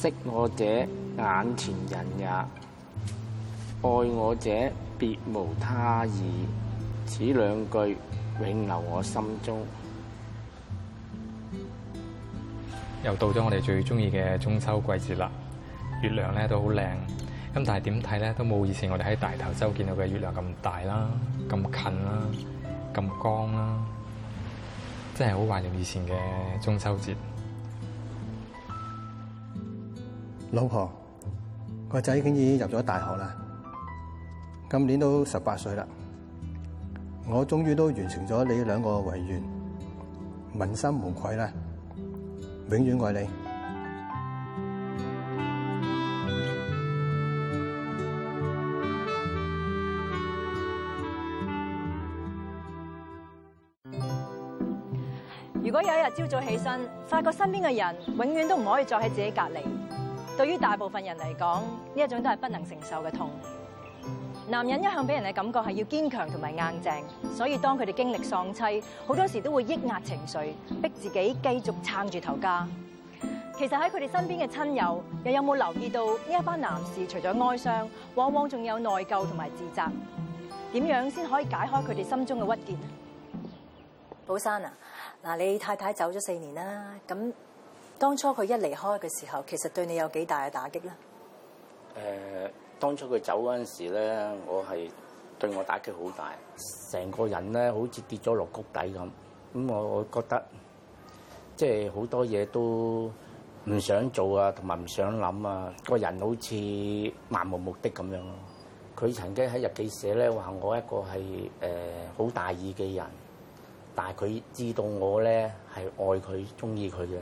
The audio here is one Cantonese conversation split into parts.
識我者眼前人也，愛我者別無他意，此兩句永留我心中。又到咗我哋最中意嘅中秋季節啦，月亮咧都好靚，咁但係點睇咧都冇以前我哋喺大頭洲見到嘅月亮咁大啦，咁近啦，咁光啦，真係好懷念以前嘅中秋節。老婆，個仔已經入咗大學啦，今年都十八歲啦。我終於都完成咗你兩個遺願，問心無愧啦，永遠愛你。如果有一日朝早起身，發覺身邊嘅人永遠都唔可以再喺自己隔離。對於大部分人嚟講，呢一種都係不能承受嘅痛。男人一向俾人嘅感覺係要堅強同埋硬淨，所以當佢哋經歷喪妻，好多時都會抑壓情緒，逼自己繼續撐住頭家。其實喺佢哋身邊嘅親友，又有冇留意到呢一班男士除咗哀傷，往往仲有內疚同埋自責？點樣先可以解開佢哋心中嘅鬱結？寶山啊，嗱，你太太走咗四年啦，咁。當初佢一離開嘅時候，其實對你有幾大嘅打擊咧？誒、呃，當初佢走嗰陣時咧，我係對我打擊好大，成個人咧好似跌咗落谷底咁。咁、嗯、我我覺得即係好多嘢都唔想做啊，同埋唔想諗啊，個人好似漫無目的咁樣咯。佢曾經喺日記寫咧話，我一個係誒好大意嘅人，但係佢知道我咧係愛佢、中意佢嘅。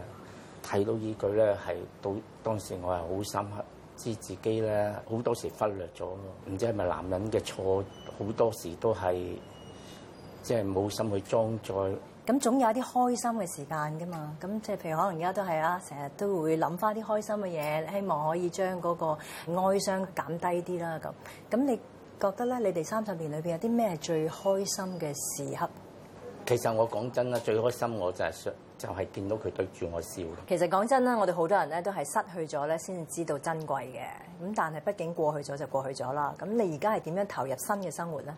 睇到依句咧，係到當時我係好深刻知自己咧，好多時忽略咗咯。唔知係咪男人嘅錯，好多時都係即係冇心去裝載。咁總有一啲開心嘅時間㗎嘛。咁即係譬如可能而家都係啦，成日都會諗翻啲開心嘅嘢，希望可以將嗰個哀傷減低啲啦。咁咁你覺得咧？你哋三十年裏邊有啲咩最開心嘅時刻？其實我講真啦，最開心我就係、想。就係見到佢對住我笑。其實講真啦，我哋好多人咧都係失去咗咧，先至知道珍貴嘅。咁但係畢竟過去咗就過去咗啦。咁你而家係點樣投入新嘅生活咧？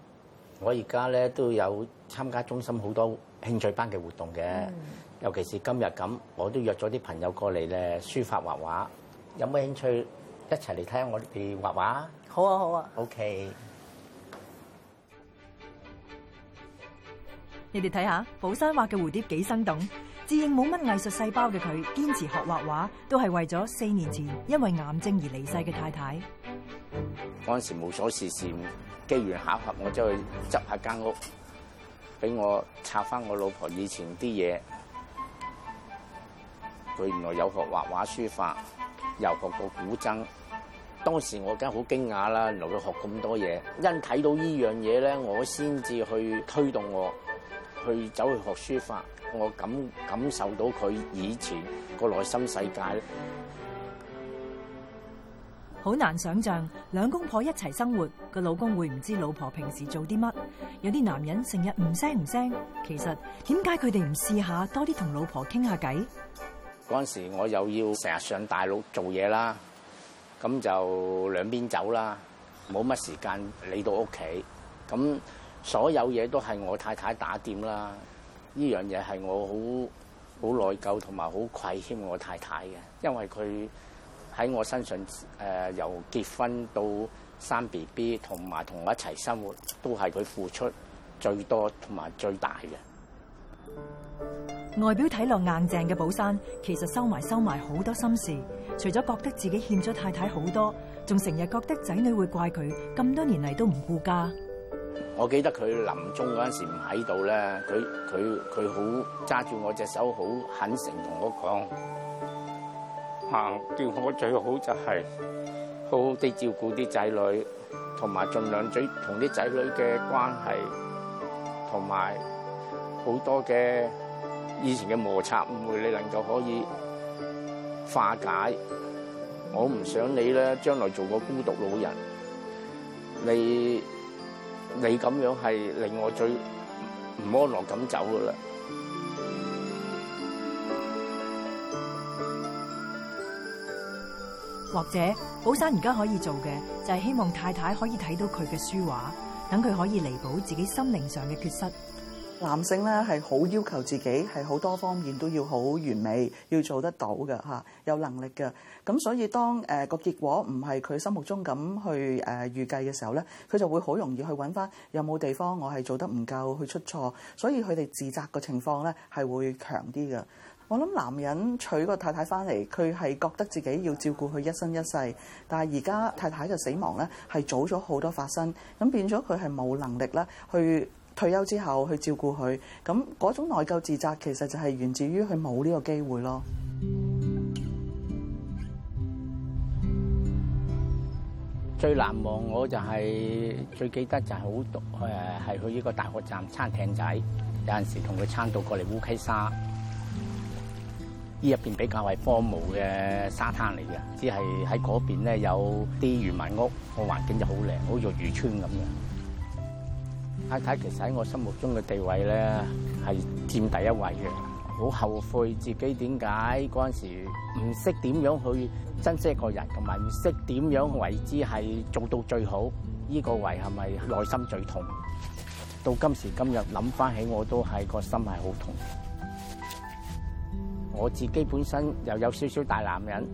我而家咧都有參加中心好多興趣班嘅活動嘅，嗯、尤其是今日咁，我都約咗啲朋友過嚟咧，書法畫畫。有冇興趣一齊嚟睇下我哋畫畫？好啊好啊。好啊 OK 你看看。你哋睇下寶山畫嘅蝴蝶幾生動。自認冇乜藝術細胞嘅佢，堅持學畫畫，都係為咗四年前因為癌症而離世嘅太太。嗰陣時冇所事事，機緣巧合，我走去執下間屋，俾我拆翻我老婆以前啲嘢。佢原來有學畫畫、書法，又學過古箏。當時我梗係好驚訝啦，原來佢學咁多嘢。因睇到呢樣嘢咧，我先至去推動我。去走去學書法，我感感受到佢以前個內心世界，好難想像兩公婆一齊生活，個老公會唔知老婆平時做啲乜？有啲男人成日唔聲唔聲，其實點解佢哋唔試下多啲同老婆傾下偈？嗰陣時我又要成日上大陸做嘢啦，咁就兩邊走啦，冇乜時間嚟到屋企咁。所有嘢都係我太太打掂啦，呢樣嘢係我好好內疚同埋好愧欠我太太嘅，因為佢喺我身上誒、呃、由結婚到生 B B 同埋同我一齊生活，都係佢付出最多同埋最大嘅。外表睇落硬淨嘅寶山，其實收埋收埋好多心事，除咗覺得自己欠咗太太好多，仲成日覺得仔女會怪佢咁多年嚟都唔顧家。我記得佢臨終嗰陣時唔喺度咧，佢佢佢好揸住我隻手狠我，好肯誠同我講，行叫我最好就係好好地照顧啲仔女，同埋儘量將同啲仔女嘅關係同埋好多嘅以前嘅摩擦誤會，你能夠可以化解。我唔想你咧，將來做個孤獨老人，你。你咁樣係令我最唔安樂咁走噶啦。或者，寶山而家可以做嘅就係希望太太可以睇到佢嘅書畫，等佢可以彌補自己心靈上嘅缺失。男性咧係好要求自己，係好多方面都要好完美，要做得到嘅嚇，有能力嘅。咁所以當誒個、呃、結果唔係佢心目中咁去誒預計嘅時候咧，佢就會好容易去揾翻有冇地方我係做得唔夠去出錯，所以佢哋自責嘅情況咧係會強啲嘅。我諗男人娶個太太翻嚟，佢係覺得自己要照顧佢一生一世，但係而家太太嘅死亡咧係早咗好多發生，咁變咗佢係冇能力啦去。退休之後去照顧佢，咁嗰種內疚自責其實就係源自於佢冇呢個機會咯。最難忘我就係、是、最記得就係好獨誒，係、呃、去呢個大學站撐艇仔，有陣時同佢撐到過嚟烏溪沙。呢入邊比較係荒蕪嘅沙灘嚟嘅，只係喺嗰邊咧有啲漁民屋，個環境就好靚，好似漁村咁樣。太太其實喺我心目中嘅地位咧係佔第一位嘅，好後悔自己點解嗰陣時唔識點樣去珍惜一個人，同埋唔識點樣為之係做到最好。呢個位係咪內心最痛？到今時今日諗翻起我都係個心係好痛。我自己本身又有少少大男人，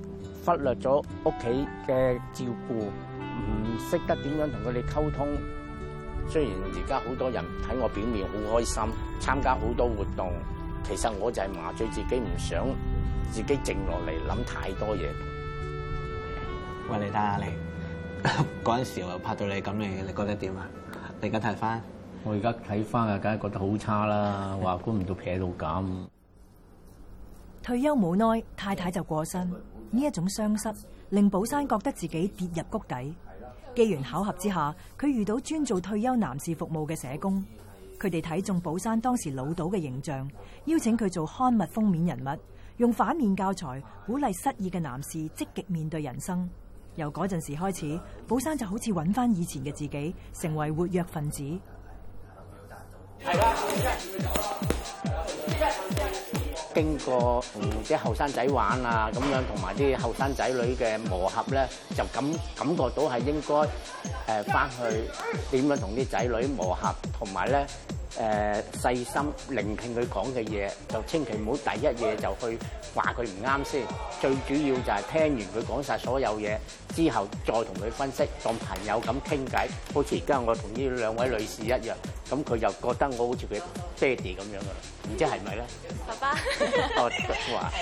忽略咗屋企嘅照顧，唔識得點樣同佢哋溝通。雖然而家好多人睇我表面好開心，參加好多活動，其實我就係麻醉自己，唔想自己靜落嚟諗太多嘢。喂，你睇下你嗰陣 時我拍到你咁嚟嘅，你覺得點啊？你而家睇翻， 我而家睇翻啊，梗係覺得好差啦，話估唔到劈到咁。退休冇耐，太太就過身，呢一種雙失令寶山覺得自己跌入谷底。機緣巧合之下，佢遇到專做退休男士服務嘅社工，佢哋睇中寶山當時老倒嘅形象，邀請佢做刊物封面人物，用反面教材鼓勵失意嘅男士積極面對人生。由嗰陣時開始，寶山就好似揾翻以前嘅自己，成為活躍分子。經過同啲後生仔玩啊咁樣，同埋啲後生仔女嘅磨合咧，就感感覺到係應該誒返、呃、去點樣同啲仔女磨合，同埋咧。誒、呃、細心聆聽佢講嘅嘢，就千祈唔好第一嘢就去話佢唔啱先。最主要就係聽完佢講晒所有嘢之後，再同佢分析，當朋友咁傾偈，好似而家我同呢兩位女士一樣，咁佢就覺得我好似佢爹哋咁樣㗎喇，唔知係咪咧？爸爸。哦，爸爸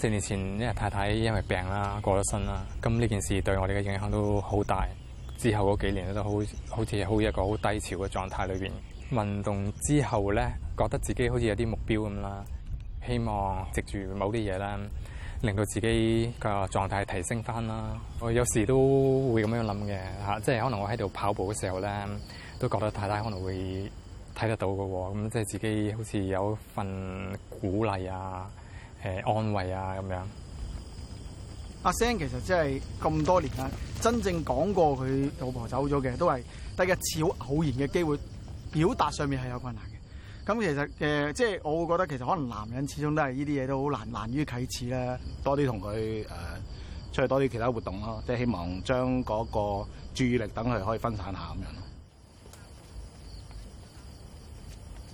四年前，因為太太因為病啦過咗身啦，咁呢件事對我哋嘅影響都好大。之後嗰幾年咧都好好似好一個好低潮嘅狀態裏面。運動之後咧，覺得自己好似有啲目標咁啦，希望藉住某啲嘢啦，令到自己嘅狀態提升返啦。我有時都會咁樣諗嘅嚇，即係可能我喺度跑步嘅時候咧，都覺得太太可能會睇得到嘅喎，咁即係自己好似有份鼓勵啊。誒、呃，安慰啊，咁樣。阿 Sam 其實即係咁多年啦，真正講過佢老婆走咗嘅，都係第一次好偶然嘅機會，表達上面係有困難嘅。咁其實誒、即、呃、係、就是、我會覺得，其實可能男人始終都係呢啲嘢都好難難於啟齒啦。多啲同佢誒，出去多啲其他活動咯，即、就、係、是、希望將嗰個注意力等佢可以分散下咁樣。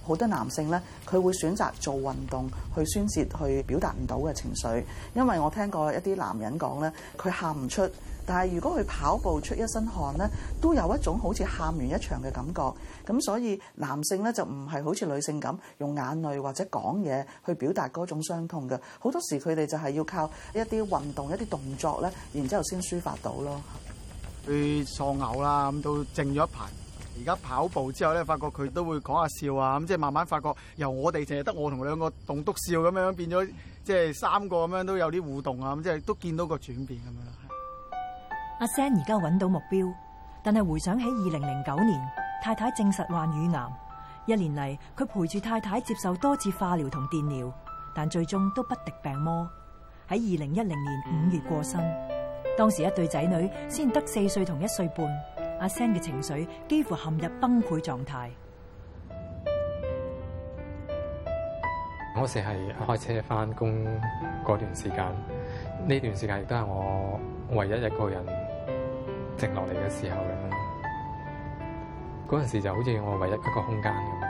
好多男性咧，佢會選擇做運動去宣泄、去表達唔到嘅情緒。因為我聽過一啲男人講咧，佢喊唔出，但係如果佢跑步出一身汗咧，都有一種好似喊完一場嘅感覺。咁所以男性咧就唔係好似女性咁用眼淚或者講嘢去表達嗰種傷痛嘅。好多時佢哋就係要靠一啲運動、一啲動作咧，然之後先抒發到咯。去喪偶啦，咁都靜咗一排。而家跑步之後咧，發覺佢都會講下笑啊，咁即係慢慢發覺由我哋淨係得我同兩個棟篤笑咁樣，變咗即係三個咁樣都有啲互動啊，咁即係都見到個轉變咁樣啦。阿 Sam 而家揾到目標，但係回想起二零零九年，太太證實患乳癌，一年嚟佢陪住太太接受多次化療同電療，但最終都不敵病魔。喺二零一零年五月過身，當時一對仔女先得四歲同一歲半。阿 Sam 嘅情緒幾乎陷入崩潰狀態。嗰時係開車翻工嗰段時間，呢段時間亦都係我唯一一個人靜落嚟嘅時候咁樣。嗰陣時就好似我唯一一個空間咁。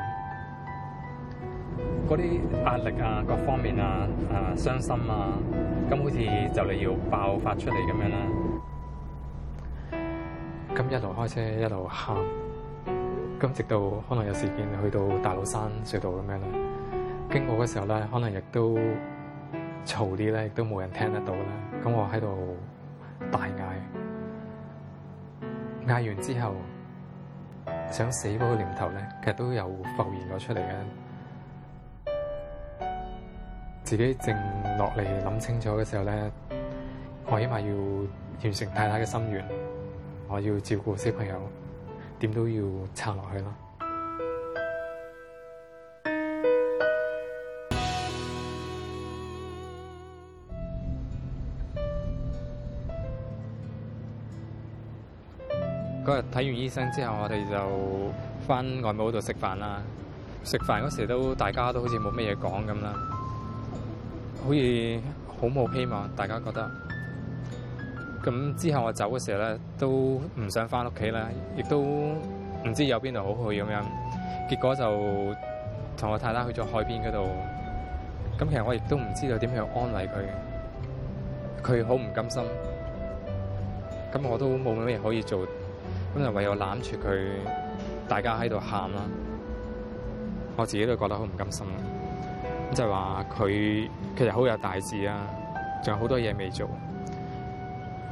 嗰啲壓力啊，各方面啊，誒、啊、傷心啊，咁好似就嚟要爆發出嚟咁樣啦。咁一路開車一路喊，咁直到可能有時間去到大老山隧道咁樣咧，經過嘅時候咧，可能亦都嘈啲咧，亦都冇人聽得到咧。咁我喺度大嗌，嗌完之後想死嗰個念頭咧，其實都有浮現咗出嚟嘅。自己靜落嚟諗清楚嘅時候咧，我起碼要完成太太嘅心願。我要照顧小朋友，點都要撐落去啦。嗰日，睇完醫生之後，我哋就翻外母度食飯啦。食飯嗰時都大家都好似冇咩嘢講咁啦，好似好冇希望，大家覺得。咁之後我走嘅時候咧，都唔想翻屋企啦，亦都唔知有邊度好去咁樣。結果就同我太太去咗海邊嗰度。咁其實我亦都唔知道點樣安慰佢，佢好唔甘心。咁我都冇咩可以做，咁就唯有攬住佢，大家喺度喊啦。我自己都覺得好唔甘心。就係話佢其實好有大志啊，仲有好多嘢未做。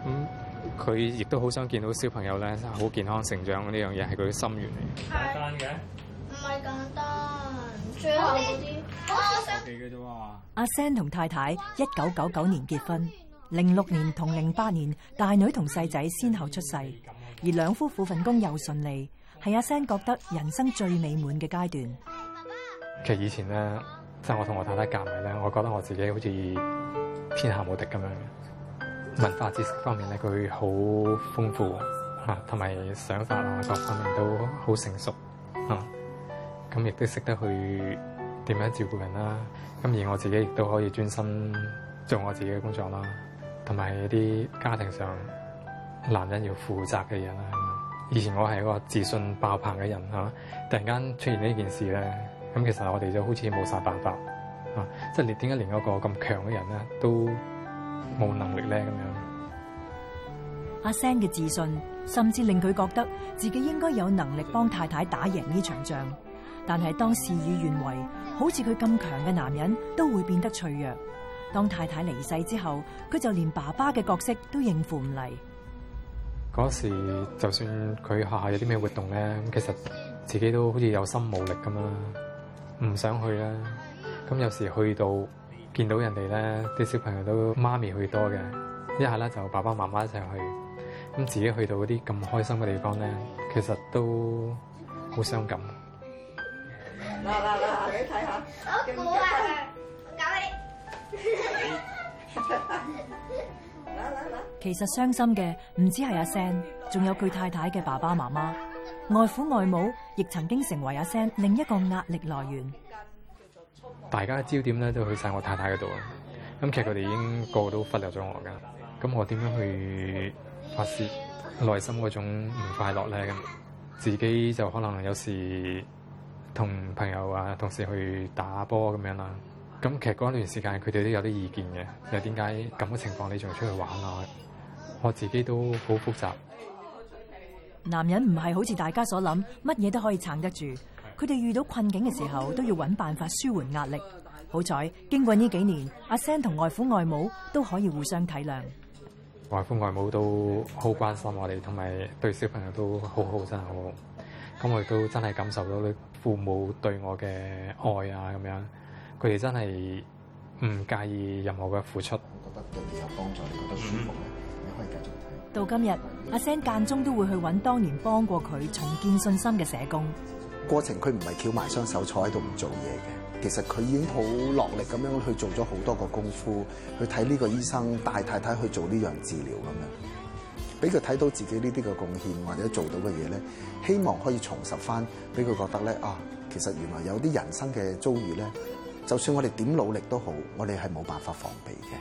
咁佢、嗯、亦都好想見到小朋友咧，好健康成長呢樣嘢係佢嘅心願嚟。簡單嘅？唔係簡單，最後嗰啲。阿 Sam 同太太一九九九年結婚，零六年同零八年大女同細仔先後出世，而兩夫婦份工又順利，係阿 Sam 覺得人生最美滿嘅階段。其實以前咧，即、就、係、是、我同我太太夾埋咧，我覺得我自己好似天下無敵咁樣。文化知識方面咧，佢好豐富嚇，同、啊、埋想法啊各方面都好成熟啊。咁亦都識得去點樣照顧人啦。咁、啊、而我自己亦都可以專心做我自己嘅工作啦。同、啊、埋一啲家庭上男人要負責嘅嘢啦。以前我係一個自信爆棚嘅人嚇、啊，突然間出現呢件事咧，咁、啊、其實我哋就好似冇晒辦法啊！即係點解連一個咁強嘅人咧都？冇能力咧，咁樣。阿 Sam 嘅自信，甚至令佢覺得自己應該有能力幫太太打贏呢場仗。但係當事與願違，好似佢咁強嘅男人，都會變得脆弱。當太太離世之後，佢就連爸爸嘅角色都應付唔嚟。嗰時就算佢學校有啲咩活動咧，其實自己都好似有心冇力咁啦，唔想去啦。咁有時去到。見到人哋咧，啲小朋友都媽咪去多嘅，一下咧就爸爸媽媽一齊去，咁自己去到嗰啲咁開心嘅地方咧，其實都好傷感。嗱嗱嗱，你睇下，好啊！搞你。其實傷心嘅唔止係阿 Sam，仲有佢太太嘅爸爸媽媽、外父外母，亦曾經成為阿 Sam 另一個壓力來源。大家嘅焦點咧都去晒我太太嗰度啊，咁其實佢哋已經個個都忽略咗我噶，咁我點樣去發泄內心嗰種唔快樂咧？咁自己就可能有時同朋友啊、同事去打波咁樣啦。咁其實嗰一段時間佢哋都有啲意見嘅，又點解咁嘅情況你仲出去玩啊？我自己都好複雜。男人唔係好似大家所諗，乜嘢都可以撐得住。佢哋遇到困境嘅時候都要揾辦法舒緩壓力。好彩，經過呢幾年，阿 Sam 同外父外母都可以互相體諒。外父外母都好關心我哋，同埋對小朋友都好好，真係好好。咁我亦都真係感受到你父母對我嘅愛啊，咁樣佢哋真係唔介意任何嘅付出。覺得對你有幫助，你覺得舒服咧，你可以繼續。到今日，阿 Sam 間中都會去揾當年幫過佢重建信心嘅社工。過程佢唔係翹埋雙手坐喺度唔做嘢嘅，其實佢已經好落力咁樣去做咗好多個功夫，去睇呢個醫生，帶太太去做呢樣治療咁樣，俾佢睇到自己呢啲嘅貢獻或者做到嘅嘢咧，希望可以重拾翻，俾佢覺得咧啊，其實原來有啲人生嘅遭遇咧，就算我哋點努力都好，我哋係冇辦法防備嘅。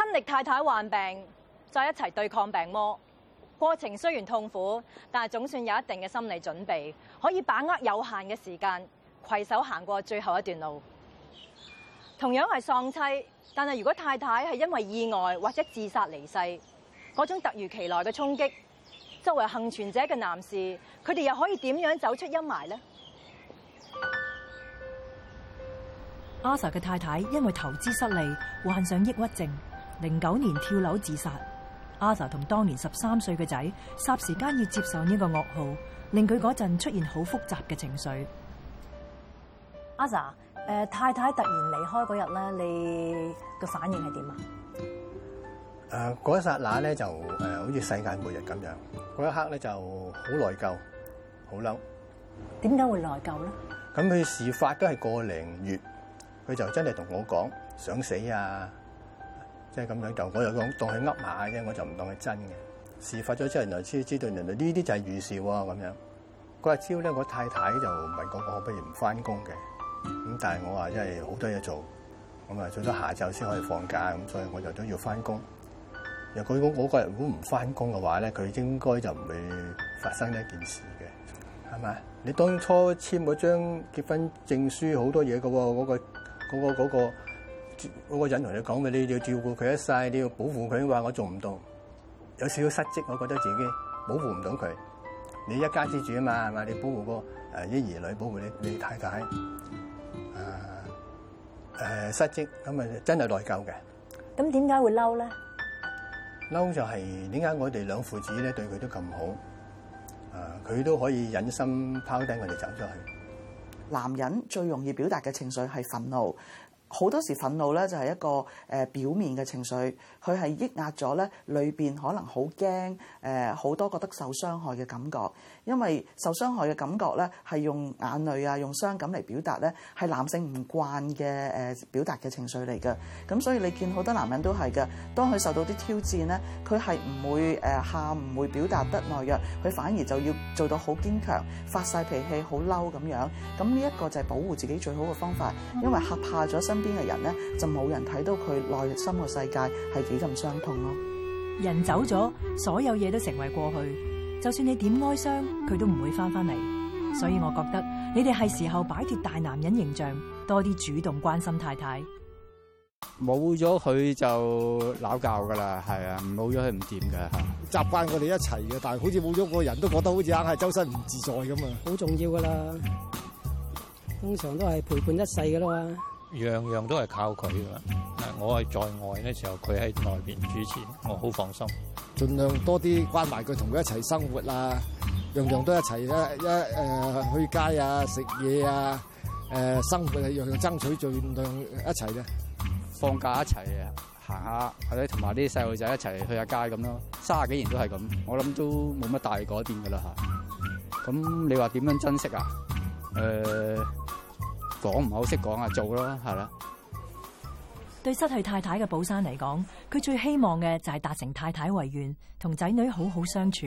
親歷太太患病，再一齊對抗病魔。過程雖然痛苦，但係總算有一定嘅心理準備，可以把握有限嘅時間，攜手行過最後一段路。同樣係喪妻，但係如果太太係因為意外或者自殺離世，嗰種突如其來嘅衝擊，作為幸存者嘅男士，佢哋又可以點樣走出陰霾呢？阿 sa 嘅太太因為投資失利，患上抑鬱症，零九年跳樓自殺。阿 Sir 同當年十三歲嘅仔，霎時間要接受呢個噩耗，令佢嗰陣出現好複雜嘅情緒。阿 Sir 誒，太太突然離開嗰日咧，你嘅反應係點啊？誒、呃，嗰一剎那咧就誒，好、呃、似世界末日咁樣。嗰一刻咧就好內疚，好嬲。點解會內疚咧？咁佢事發都係個零月，佢就真係同我講想死啊。即係咁樣，就我又講當佢噏馬嘅啫，我就唔當佢真嘅。事發咗之後，原來先知道原來呢啲就係預兆喎咁樣。嗰日朝咧，我太太就問我，我不如唔翻工嘅？咁但係我話因為好多嘢做，我咪最多下晝先可以放假，咁所以我就都要翻工。若果我個人如果唔翻工嘅話咧，佢應該就唔會發生呢一件事嘅，係咪？你當初簽嗰張結婚證書好多嘢嘅喎，嗰個嗰個。嗰個嗰個嗰個人同你講嘅，你要照顧佢一世。你要保護佢嘅話，我做唔到，有少少失職，我覺得自己保護唔到佢。你一家之主啊嘛，係嘛？你保護個誒啲兒女，保護你你太太，誒誒失職，咁咪真係內疚嘅。咁點解會嬲咧？嬲就係點解我哋兩父子咧對佢都咁好，啊佢都可以忍心拋低我哋走出去。男人最容易表達嘅情緒係憤怒。好多時憤怒咧就係、是、一個誒、呃、表面嘅情緒，佢係抑壓咗咧裏邊可能好驚誒好多覺得受傷害嘅感覺，因為受傷害嘅感覺咧係用眼淚啊用傷感嚟，表達咧係男性唔慣嘅誒表達嘅情緒嚟嘅。咁所以你見好多男人都係嘅，當佢受到啲挑戰咧，佢係唔會誒喊唔會表達得懦弱，佢反而就要做到好堅強，發晒脾氣好嬲咁樣，咁呢一個就係保護自己最好嘅方法，因為吓怕咗身身邊嘅人咧，就冇人睇到佢內心嘅世界係幾咁傷痛咯。人走咗，所有嘢，都成為過去。就算你點哀傷，佢都唔會翻返嚟。所以我覺得你哋係時候擺脫大男人形象，多啲主動關心太太。冇咗佢就鬧教噶啦，係啊，冇咗佢唔掂噶。習慣我哋一齊嘅，但係好似冇咗個人，都覺得好似硬係周身唔自在咁啊。好重要噶啦，通常都係陪伴一世噶啦嘛。樣樣都係靠佢啊！我係在外嘅時候，佢喺內邊主持，我好放心。儘量多啲關懷佢，同佢一齊生活啊！樣樣都一齊一一誒、呃、去街啊、食嘢啊、誒、呃、生活係樣樣爭取儘量一齊嘅。放假一齊行下，或者同埋啲細路仔一齊去下街咁咯。三十幾年都係咁，我諗都冇乜大改變噶啦嚇。咁、啊、你話點樣珍惜啊？誒、呃。講唔好識講啊，做啦係啦。對失去太太嘅寶山嚟講，佢最希望嘅就係達成太太遺願，同仔女好好相處。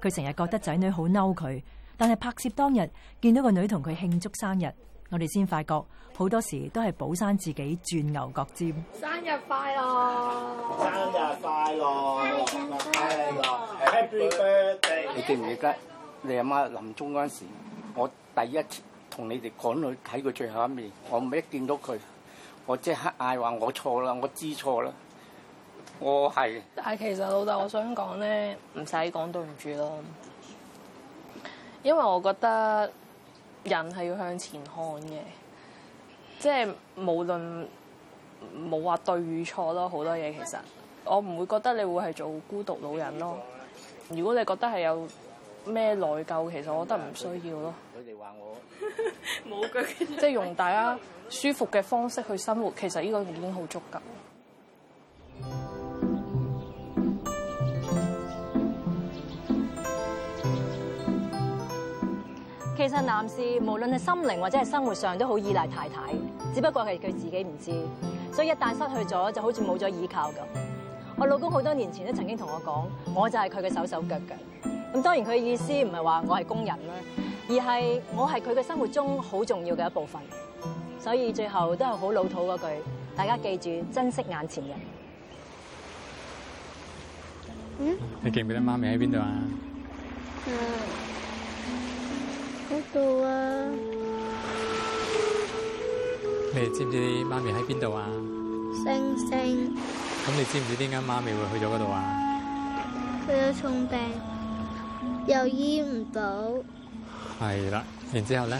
佢成日覺得仔女好嬲佢，但係拍攝當日見到個女同佢慶祝生日，我哋先發覺好多時都係寶山自己鑽牛角尖。生日快樂！生日快樂！Happy birthday！你記唔記得你阿媽臨終嗰陣時，我第一次同你哋趕女睇佢最後一面，我唔係一見到佢，我即刻嗌話，我錯啦，我知錯啦，我係。但係其實老豆，我想講咧，唔使講對唔住咯，因為我覺得人係要向前看嘅，即係無論冇話對與錯咯，好多嘢其實，我唔會覺得你會係做孤獨老人咯。如果你覺得係有咩內疚，其實我覺得唔需要咯。話我冇腳，即係 用大家舒服嘅方式去生活。其實呢個已經好足夠。其實男士無論係心靈或者係生活上都好依賴太太，只不過係佢自己唔知。所以一旦失去咗，就好似冇咗依靠咁。我老公好多年前都曾經同我講，我就係佢嘅手手腳腳。咁當然佢意思唔係話我係工人啦。而係我係佢嘅生活中好重要嘅一部分，所以最後都係好老土嗰句，大家記住珍惜眼前人。嗯？你記唔記得媽咪喺邊度啊？嗯，喺嗰度啊！你知唔知媽咪喺邊度啊？星星。咁你知唔知點解媽咪會去咗嗰度啊？佢有重病，又醫唔到。係啦，然之後咧，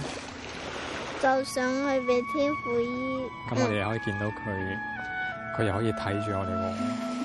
就想去俾天父醫。咁、嗯、我哋又可以見到佢，佢又可以睇住我哋。嗯